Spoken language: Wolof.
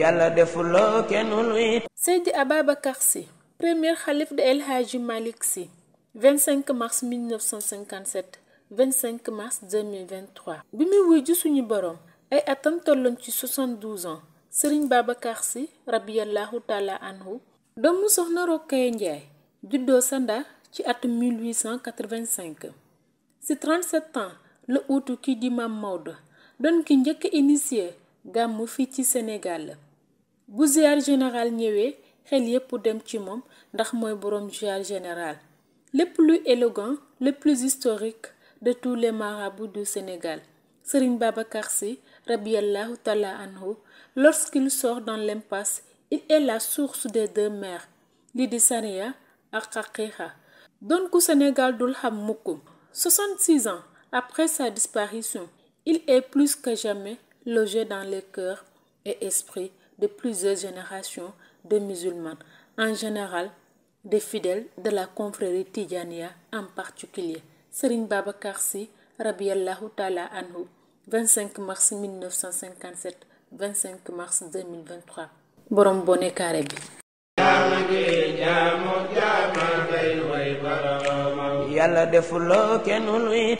yàlla defuloo kenn luy. Seydi Ababacar Sy premier xalif de El Hadji Malick Sy mars mars 2023. bi muy wujj suñu borom ay atam tolloon ci 72 ans Serigne Babacar Sy rabiyallahu taala anhu doomu soxna Rokhaya Ndiaye juddoo Sanda ci atum 1885 ci 37 ans la uutu kii di Maam Maodo doon ki njëkk initié gàmmu fii ci Sénégal bu ziar général ñëwee xel yépp dem ci moom ndax mooy borom ziar général lépp luy élégant le plus historique de tous les marabouts du Sénégal Serigne Babacar Sy radiallahu taala anhu lorsqu'il sort dans l'impasse il est la source des deux mers lii di sariya ak xaqiiqa doon ku Sénégal dul xam mukk 66 ans après sa disparition il est plus que jamais logé dans les cœurs et esprits de plusieurs générations de musulmans, en général des fidèles de la confrérie Tidjania en particulier. Serigne Babacar Sy rabiallahu taala anhu 25 mars 1957 25 mars 2023 borom bone carré bi yàlla defuloo kenn luy